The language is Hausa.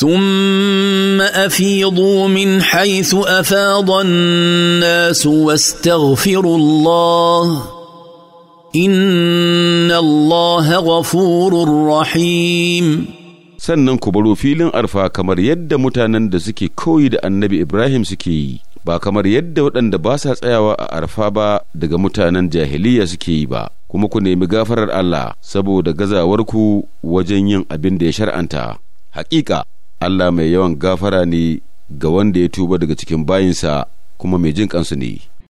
ثم افيضوا من حيث افاض الناس واستغفروا الله ان الله غفور رحيم sannan ku baro filin arfa kamar yadda mutanen da suke koyi da annabi ibrahim suke yi ba kamar yadda waɗanda ba sa tsayawa a arfa ba daga mutanen jahiliya suke yi ba kuma ku nemi gafarar allah saboda gazawarku wajen yin abin da ya shar'anta hakika Allah mai yawan gafara ne ga wanda ya tuba daga cikin bayinsa kuma mai jin kansu ne.